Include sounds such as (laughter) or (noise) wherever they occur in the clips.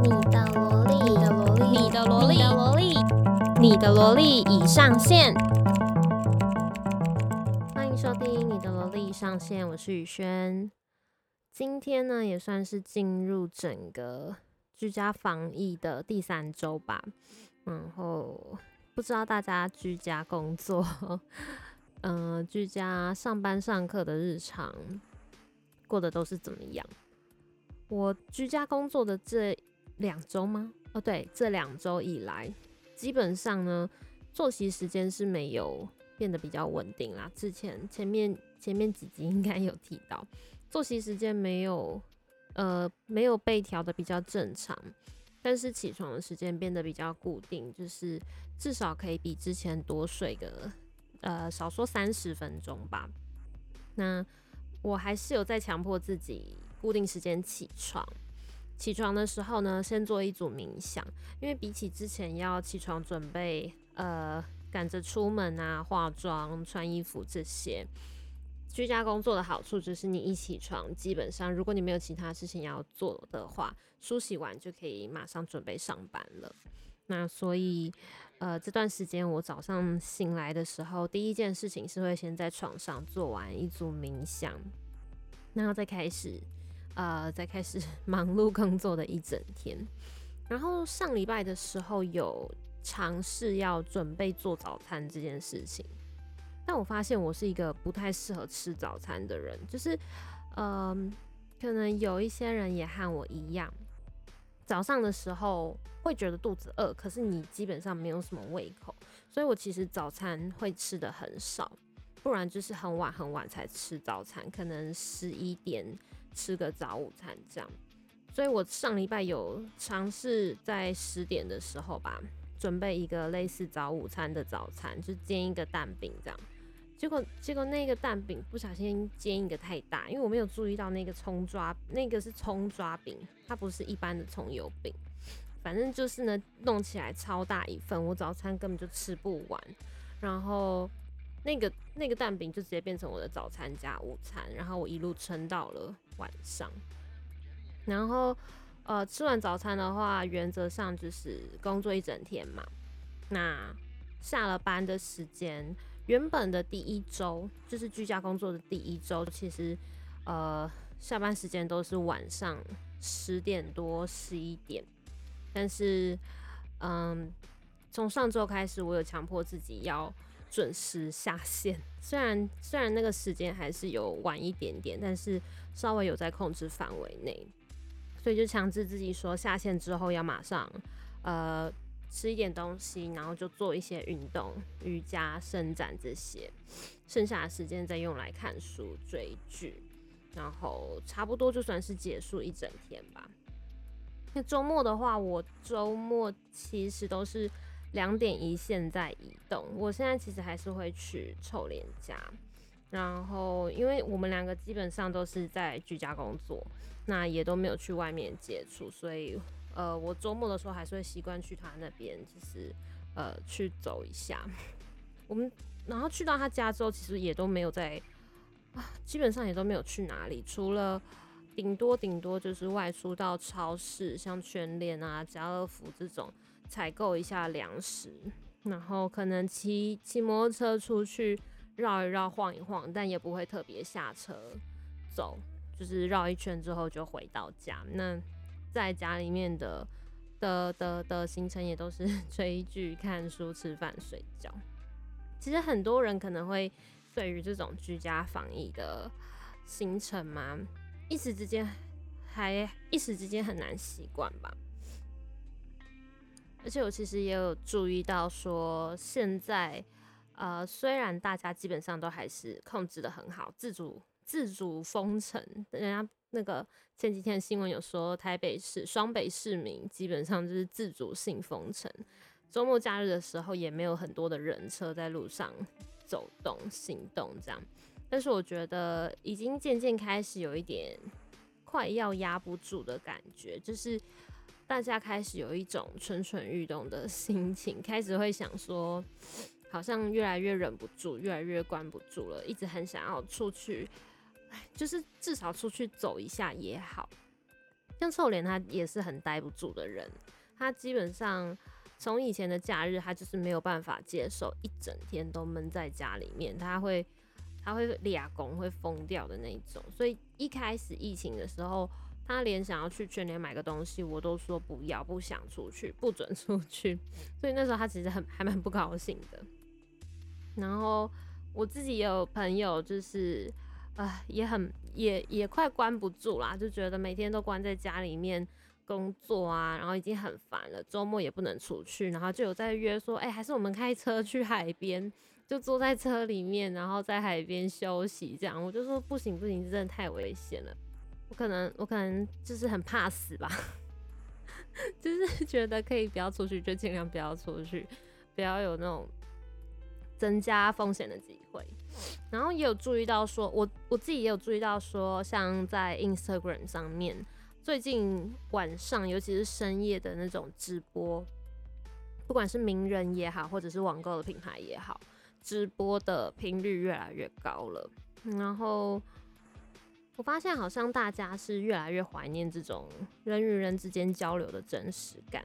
你的蘿莉，你的蘿莉，你的蘿莉，你的蘿莉，你的蘿莉，你的蘿莉已上線。歡迎收聽《你的蘿莉上線》，我是雨瑄。今天呢，也算是進入整個居家防疫的第三周吧。然後不知道大家居家工作，嗯、呃，居家上班、上課的日常過得都是怎麼樣？我居家工作的這兩周嗎？哦，對，這兩周以來，基本上呢，作息時間是沒有變得比較穩定啦。之前前面前面幾集應該有提到，作息時間沒有呃沒有被調得比較正常，但是起床的時間變得比較固定，就是至少可以比之前多睡個呃少說三十分鐘吧。那我還是有在強迫自己。固定時間起床，起床的時候呢，先做一組冥想，因為比起之前要起床準備，呃，趕着出門啊、化妝、穿衣服這些，居家工作的好處就是你一起床，基本上如果你沒有其他事情要做的話，梳洗完就可以馬上準備上班了。那所以，呃，這段時間我早上醒來的時候，第一件事情是會先在床上做完一組冥想，然後再開始。呃，在開始忙碌工作的一整天，然後上禮拜的時候有嘗試要準備做早餐這件事情，但我發現我是一個不太適合吃早餐的人，就是，嗯、呃，可能有一些人也和我一樣，早上的時候會覺得肚子餓，可是你基本上沒有什麼胃口，所以我其實早餐會吃得很少，不然就是很晚很晚才吃早餐，可能十一點。吃個早午餐這樣，所以我上禮拜有嘗試在十點的時候吧，準備一個類似早午餐的早餐，就煎一個蛋餅這樣。結果結果那個蛋餅不小心煎一個太大，因為我沒有注意到那個蔥抓，那個是蔥抓餅，它不是一般的蔥油餅，反正就是呢弄起來超大一份，我早餐根本就吃不完，然後。那個那個蛋餅就直接變成我的早餐加午餐，然後我一路撐到了晚上。然後，呃，吃完早餐的話，原則上就是工作一整天嘛。那下了班的時間，原本的第一周就是居家工作的第一周，其實呃，下班時間都是晚上十點多、十一點。但是，嗯，從上周開始，我有強迫自己要。準時下線，雖然雖然那個時間還是有晚一點點，但是稍微有在控制範圍內，所以就強制自己說下線之後要馬上呃吃一點東西，然後就做一些運動、瑜伽、伸展這些，剩下的時間再用來看書、追劇，然後差不多就算是結束一整天吧。那周末的話，我周末其實都是。兩點一線在移動，我現在其實還是會去臭臉家，然後因為我們兩個基本上都是在居家工作，那也都沒有去外面接觸，所以呃，我周末的時候還是會習慣去他那邊，就是呃，去走一下。我們然後去到他家之後，其實也都沒有在啊，基本上也都沒有去哪裡，除了頂多頂多就是外出到超市，像全聯啊、家樂福這種。採購一下糧食，然後可能騎騎摩托車出去繞一繞、晃一晃，但也不會特別下車走，就是繞一圈之後就回到家。那在家裡面的的的的行程也都是追劇、看書、吃飯、睡覺。其實很多人可能會對於這種居家防疫的行程嘛，一時之間還一時之間很難習慣吧。而且我其實也有注意到，說現在，呃，雖然大家基本上都還是控制得很好，自主自主封城，人家那個前幾天新聞有說，台北市雙北市民基本上就是自主性封城，周末假日的時候也沒有很多的人車在路上走動行動這樣，但是我覺得已經漸漸開始有一點快要壓不住的感覺，就是。大家開始有一種蠢蠢欲動的心情，開始會想說，好像越來越忍不住，越來越關不住了，一直很想要出去，就是至少出去走一下也好。像臭臉，他也是很待不住的人，他基本上從以前的假日，他就是沒有辦法接受一整天都悶在家裡面，他會他會立亞工會瘋掉的那種。所以一開始疫情的時候。他連想要去全聯買個東西，我都說不要，不想出去，不准出去。所以那時候他其實很還蠻不高興的。然後我自己也有朋友，就是啊、呃，也很也也快關不住啦，就覺得每天都關在家裡面工作啊，然後已經很煩了，周末也不能出去，然後就有在約說，哎、欸，還是我們開車去海邊，就坐在車裡面，然後在海邊休息這樣。我就說不行不行，真的太危險了。我可能，我可能就是很怕死吧。 (laughs) 就是覺得可以不要出去，就盡量不要出去，不要有那種增加風險的機會。然後也有注意到說，說我我自己也有注意到說，說像在 Instagram 上面，最近晚上，尤其是深夜的那種直播，不管是名人也好，或者是網購的品牌也好，直播的頻率越來越高了。然後。我發現好像大家是越來越懷念這種人與人之間交流的真實感，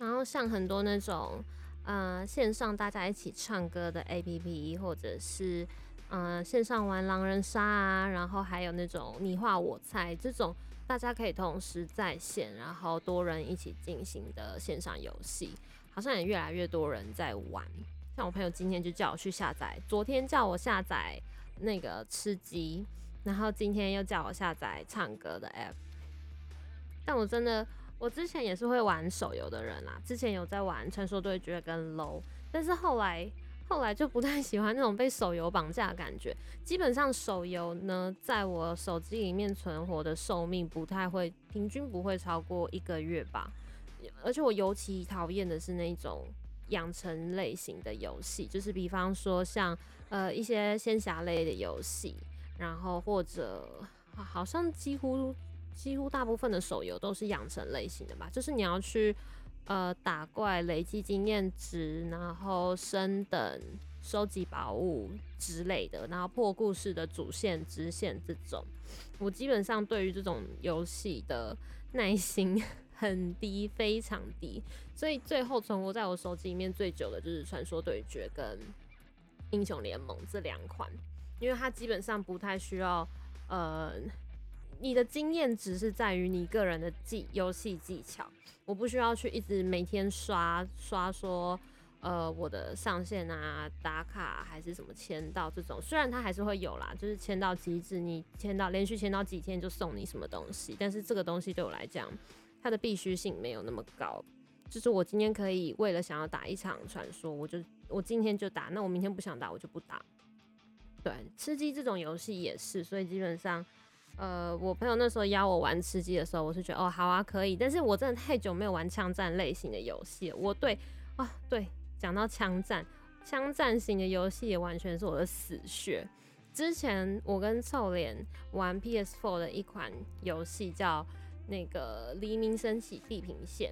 然後像很多那種，呃，線上大家一起唱歌的 APP，或者是，呃，線上玩狼人殺啊，然後還有那種你畫我猜這種，大家可以同時在線，然後多人一起進行的線上遊戲，好像也越來越多人在玩。像我朋友今天就叫我去下載，昨天叫我下載那個吃雞。然後今天又叫我下載唱歌的 app，但我真的，我之前也是會玩手遊的人啦，啊，之前有在玩《傳說對決》跟 LOL，但是後來後來就不太喜歡那種被手遊綁架的感覺。基本上手遊呢，在我手機裡面存活的壽命不太會，平均不會超過一個月吧。而且我尤其討厭的是那種養成類型的遊戲，就是比方說像呃一些仙俠類的遊戲。然後或者好像幾乎幾乎大部分的手遊都是養成類型的吧，就是你要去呃打怪累積經驗值，然後升等、收集寶物之類的，然後破故事的主線支線這種。我基本上對於這種遊戲的耐心很低，非常低。所以最後存活在我手機裡面最久的就是《傳說對決》跟《英雄聯盟》這兩款。因為它基本上不太需要，呃，你的經驗值是在於你個人的技遊戲技巧。我不需要去一直每天刷刷說，呃，我的上線啊、打卡啊、還是什麼簽到這種。雖然它還是會有啦，就是簽到機制，你簽到連續簽到幾天就送你什麼東西。但是這個東西對我來講，它的必須性沒有那麼高。就是我今天可以為了想要打一場傳說，我就我今天就打，那我明天不想打，我就不打。對，吃雞這種遊戲也是，所以基本上，呃，我朋友那時候邀我玩吃雞的時候，我是覺得哦，好啊，可以。但是我真的太久沒有玩槍戰類型的遊戲，我對啊，對，講、哦、到槍戰，槍戰型的遊戲也完全是我的死穴。之前我跟臭臉玩 PS4 的一款遊戲叫那個《黎明升起地平線》。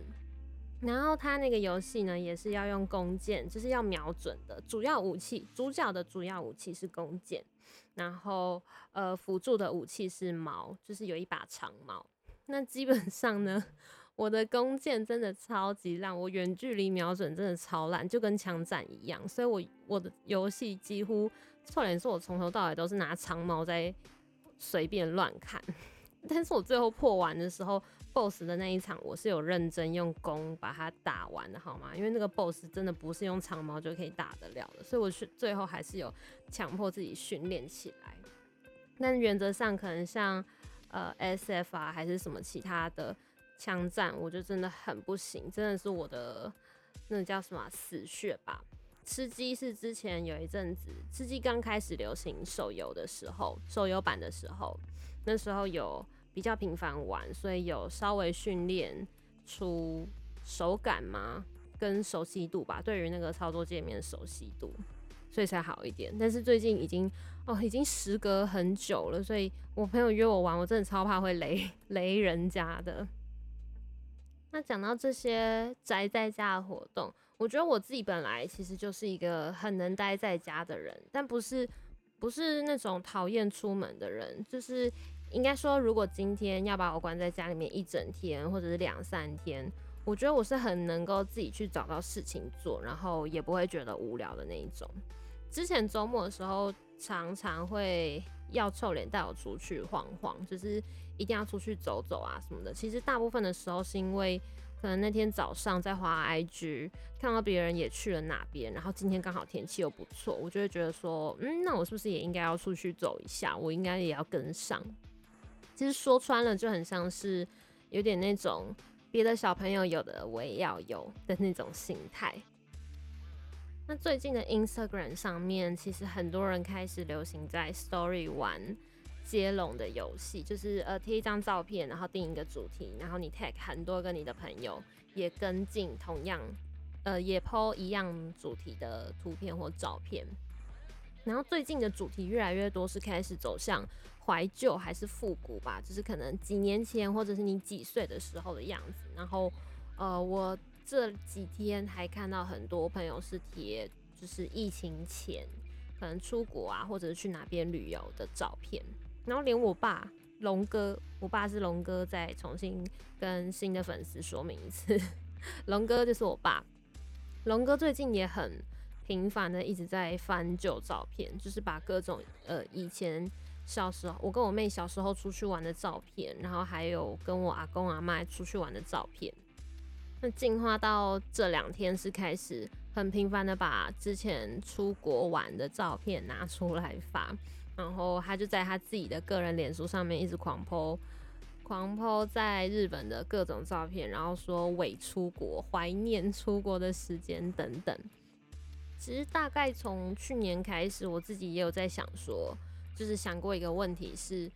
然後他那個遊戲呢，也是要用弓箭，就是要瞄準的主要武器。主角的主要武器是弓箭，然後呃輔助的武器是矛，就是有一把長矛。那基本上呢，我的弓箭真的超級爛，我遠距離瞄準真的超爛，就跟槍戰一樣。所以我我的遊戲幾乎，錯，連說，我從頭到尾都是拿長矛在隨便亂砍。但是我最後破完的時候，BOSS 的那一場我是有認真用弓把它打完的，好嗎？因為那個 BOSS 真的不是用長矛就可以打得了的，所以我是最後還是有強迫自己訓練起來。但原則上，可能像呃 SF 啊，還是什麼其他的槍戰，我就真的很不行，真的是我的那個、叫什麼、啊、死穴吧。吃雞是之前有一陣子，吃雞剛開始流行手遊的時候，手遊版的時候，那時候有。比較頻繁玩，所以有稍微訓練出手感嗎，跟熟悉度吧，對於那個操作界面熟悉度，所以才好一點。但是最近已經哦，已經時隔很久了，所以我朋友約我玩，我真的超怕會雷雷人家的。那講到這些宅在家的活動，我覺得我自己本來其實就是一個很能待在家的人，但不是不是那種討厭出門的人，就是。應該說，如果今天要把我關在家裡面一整天，或者是兩三天，我覺得我是很能夠自己去找到事情做，然後也不會覺得無聊的那一種。之前週末的時候，常常會要臭臉帶我出去晃晃，就是一定要出去走走啊什麼的。其實大部分的時候是因為，可能那天早上在滑 IG 看到別人也去了哪邊，然後今天剛好天氣又不錯，我就會覺得說，嗯，那我是不是也應該要出去走一下？我應該也要跟上。其實說穿了就很像是有點那種別的小朋友有的我也要有的那種心態。那最近的 Instagram 上面，其實很多人開始流行在 Story 玩接龍的遊戲，就是呃貼一張照片，然後定一個主題，然後你 Tag 很多跟你的朋友也跟進同樣呃也 po 一樣主題的圖片或照片。然後最近的主題越來越多是開始走向。懷舊還是復古吧，就是可能幾年前或者是你幾歲的時候的樣子。然後，呃，我這幾天還看到很多朋友是貼，就是疫情前可能出國啊，或者是去哪邊旅遊的照片。然後連我爸龍哥，我爸是龍哥，再重新跟新的粉絲說明一次，龍哥就是我爸。龍哥最近也很頻繁的一直在翻舊照片，就是把各種呃以前。小時候，我跟我妹小時候出去玩的照片，然後還有跟我阿公阿嬤出去玩的照片。那進化到這兩天，是開始很頻繁的把之前出國玩的照片拿出來發，然後他就在他自己的個人臉書上面一直狂 po，狂 po 在日本的各種照片，然後說偽出國、懷念出國的時間等等。其實大概從去年開始，我自己也有在想說。就是想過一個問題是，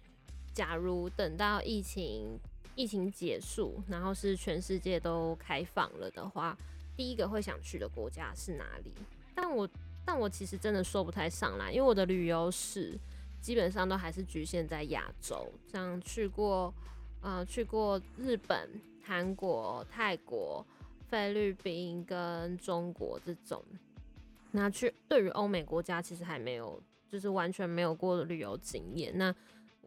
假如等到疫情疫情結束，然後是全世界都開放了的話，第一個會想去的國家是哪裡？但我但我其實真的說不太上來，因為我的旅遊史基本上都還是局限在亞洲，像去過呃，去過日本、韓國、泰國、菲律賓跟中國這種。那去對於歐美國家，其實還沒有。就是完全沒有過的旅遊經驗。那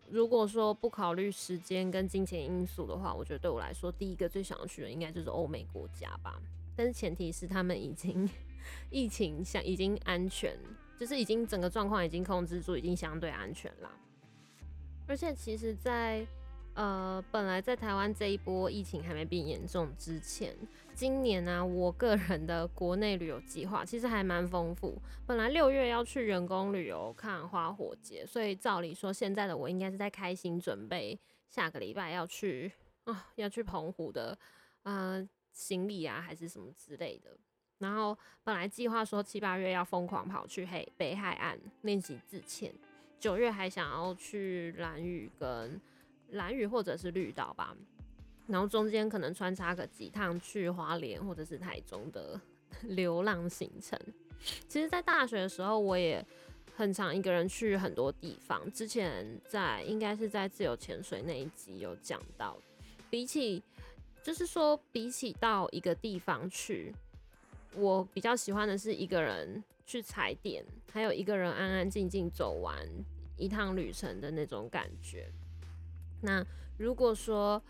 如果說不考慮時間跟金錢因素的話，我覺得對我來說，第一個最想要去的應該就是歐美國家吧。但是前提是他們已經疫情像已經安全，就是已經整個狀況已經控制住，已經相對安全了。而且其實在，在呃本來在台灣這一波疫情還沒變嚴重之前。今年啊，我個人的國內旅遊計劃其實還蠻豐富。本來六月要去員工旅遊看花火節，所以照理說現在的我應該是在開心準備下個禮拜要去啊、哦，要去澎湖的啊、呃、行李啊，還是什麼之類的。然後本來計劃說七八月要瘋狂跑去黑北海岸練習自潛，九月還想要去蘭嶼跟蘭嶼或者是綠島吧。然後中間可能穿插個幾趟去花蓮或者是台中的流浪行程。其實，在大學的時候，我也很常一個人去很多地方。之前在應該是在自由潛水那一集有講到，比起就是說，比起到一個地方去，我比較喜歡的是一個人去踩點，還有一個人安安靜靜走完一趟旅程的那種感覺。那如果說，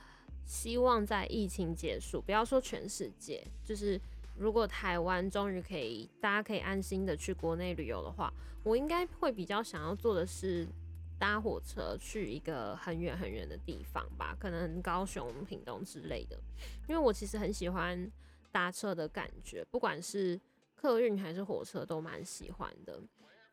希望在疫情結束，不要說全世界，就是如果台灣終於可以，大家可以安心的去國內旅遊的話，我應該會比較想要做的是搭火車去一個很遠很遠的地方吧，可能高雄、屏東之類的，因為我其實很喜歡搭車的感覺，不管是客運還是火車都蠻喜歡的。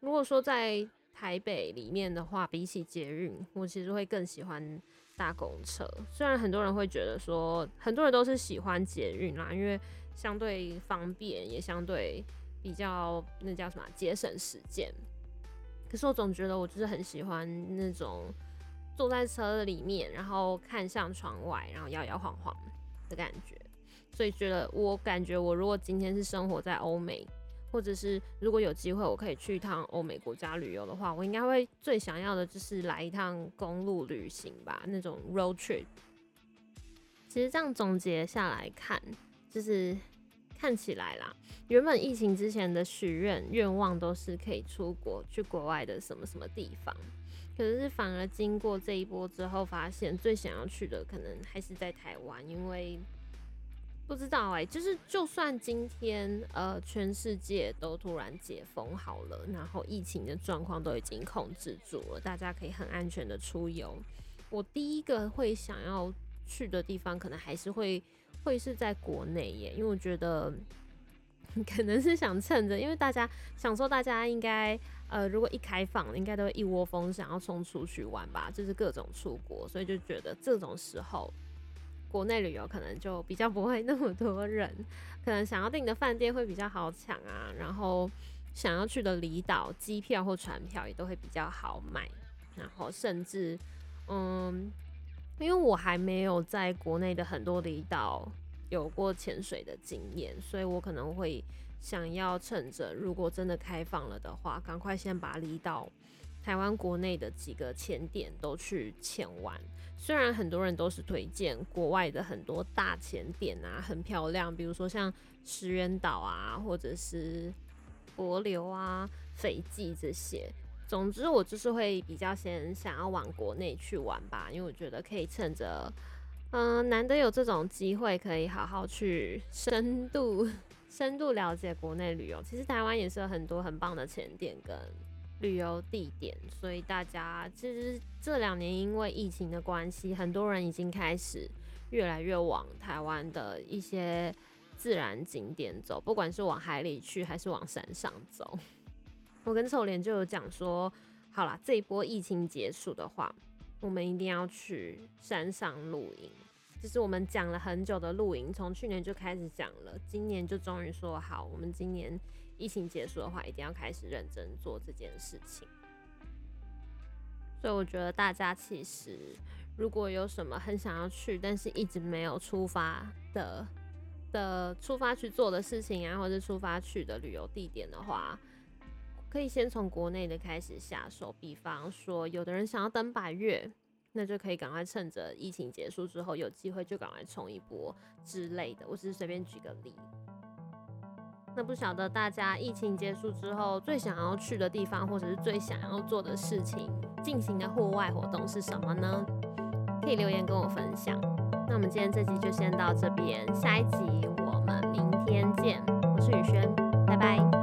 如果說在台北裡面的話，比起捷運，我其實會更喜歡。大公車，雖然很多人會覺得說，很多人都是喜歡捷運啦，因為相對方便，也相對比較，那叫什麼，節省時間。可是我總覺得，我就是很喜歡那種坐在車裡面，然後看向窗外，然後搖搖晃晃的感覺。所以覺得，我感覺我如果今天是生活在歐美。或者是如果有機會，我可以去一趟歐美國家旅遊的話，我應該會最想要的就是來一趟公路旅行吧，那種 road trip。其實這樣總結下來看，就是看起來啦，原本疫情之前的許願願望都是可以出國去國外的什麼什麼地方，可是反而經過這一波之後，發現最想要去的可能還是在台灣，因為。不知道誒、欸，就是就算今天呃全世界都突然解封好了，然後疫情的狀況都已經控制住了，大家可以很安全的出遊，我第一個會想要去的地方，可能還是會會是在國內耶，因為我覺得可能是想趁着，因為大家想說大家應該呃如果一開放，應該都會一窩蜂想要衝出去玩吧，就是各種出國，所以就覺得這種時候。國內旅遊可能就比較不會那麼多人，可能想要訂的飯店會比較好搶啊，然後想要去的離島機票或船票也都會比較好買，然後甚至嗯，因為我還沒有在國內的很多離島有過潛水的經驗，所以我可能會想要趁着如果真的開放了的話，趕快先把離島台灣國內的幾個潛點都去潛完。雖然很多人都是推薦國外的很多大潛點啊，很漂亮，比如說像石原島啊，或者是帛琉啊、斐濟這些。總之，我就是會比較先想要往國內去玩吧，因為我覺得可以趁着，嗯、呃，難得有這種機會，可以好好去深度、深度了解國內旅遊。其實台灣也是有很多很棒的潛點跟旅遊地點，所以大家其實、就是、這兩年因為疫情的關係，很多人已經開始越來越往台灣的一些自然景點走，不管是往海裡去還是往山上走。我跟臭臉就有講說，好啦，這一波疫情結束的話，我們一定要去山上露營。就是我們講了很久的露營，從去年就開始講了，今年就終於說好，我們今年。疫情結束的話，一定要開始認真做這件事情。所以我覺得大家其實，如果有什麼很想要去但是一直沒有出發的的出發去做的事情啊，或者出發去的旅遊地點的話，可以先從國內的開始下手。比方說，有的人想要登百岳，那就可以趕快趁着疫情結束之後有機會就趕快衝一波之類的。我只是隨便舉個例。那不曉得大家疫情結束之後最想要去的地方，或者是最想要做的事情進行的戶外活動是什麼呢？可以留言跟我分享。那我們今天這集就先到這邊，下一集我們明天見。我是雨瑄，拜拜。